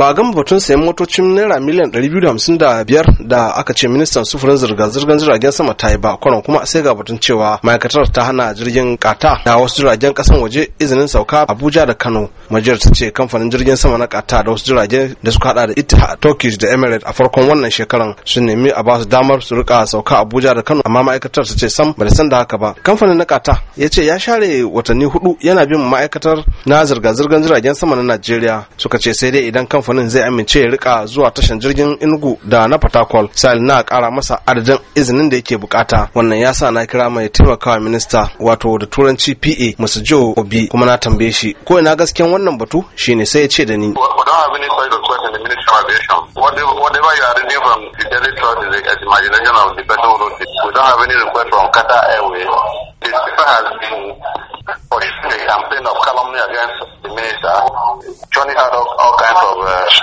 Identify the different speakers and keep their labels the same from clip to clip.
Speaker 1: ba a gama batun sayan motocin naira miliyan 255 da aka ce ministan sufurin zirga-zirgar jiragen sama ta yi ba kwanan kuma sai ga batun cewa ma'aikatar ta hana jirgin kata da wasu jiragen kasan waje izinin sauka abuja da kano majiyar ta ce kamfanin jirgin sama na kata da wasu jiragen da suka hada da a turkish da emirates a farkon wannan shekaran sun nemi a ba su damar su rika sauka abuja da kano amma ma'aikatar ta ce sam ba da san da haka ba kamfanin na kata ya ce ya share watanni hudu yana bin ma'aikatar na zirga-zirgar jiragen sama na najeriya suka ce sai dai idan kamfanin kamfanin zai amince ya rika zuwa tashan jirgin inugu da na fatakwal sa'il na kara masa adadin izinin da yake bukata wannan ya sa na kira mai taimakawa minista wato da turanci pa masu joe obi kuma na tambaye shi ko ina gasken wannan batu shine sai ya ce da ni whatever you are reading from the daily trust is the imagination of the person who wrote it. We don't have any request from Qatar Airways all kinds of false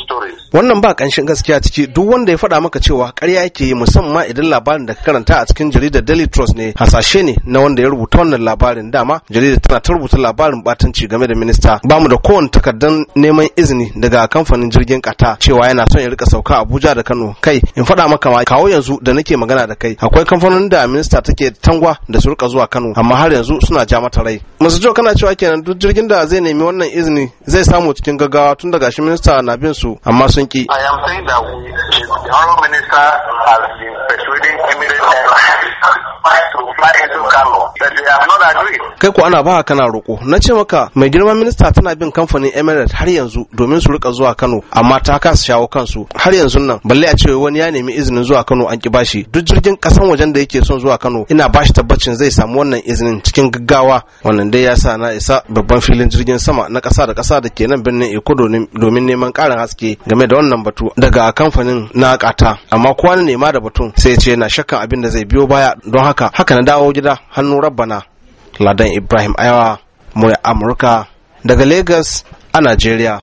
Speaker 1: uh, stories. Wannan ba ƙanshin gaskiya ciki duk wanda ya faɗa maka cewa ƙarya yake yi musamman idan labarin da ka karanta a cikin jaridar Daily Trust ne hasashe ne na wanda ya rubuta wannan labarin dama jaridar tana ta rubuta labarin batanci game da minista ba mu da kowane takardar neman izini daga kamfanin jirgin kata cewa yana son ya rika sauka Abuja da Kano kai in faɗa maka ma kawo yanzu da nake magana da kai akwai kamfanonin da minista take tangwa da su rika zuwa Kano amma har yanzu suna ja mata rai. Masu kana cewa kenan duk jirgin da zai nemi wannan izini zai samu cikin gaggawa tun daga shi minista na bin su amma sun ki. I am saying that the minister has been persuading Emirates Airlines kai ko ana ba kana roko na ce maka mai girman minista tana bin kamfanin emirates har yanzu domin su rika zuwa kano amma ta kasa shawo kansu har yanzu nan balle a ce wani ya nemi izinin zuwa kano an ki bashi duk jirgin kasan wajen da yake son zuwa kano ina bashi tabbacin zai samu wannan izinin cikin gaggawa wannan dai ya sa na isa babban filin jirgin sama na ƙasa da ƙasa da ke nan birnin eko domin neman ƙarin haske game da wannan batu daga kamfanin na ƙata amma kowa ne nema da batun sai ya ce yana shakkan abin da zai biyo baya don haka haka na dawo gida hannu rabbana Ladan Ibrahim Ayawa, moya Amurka, daga Lagos a Najeriya.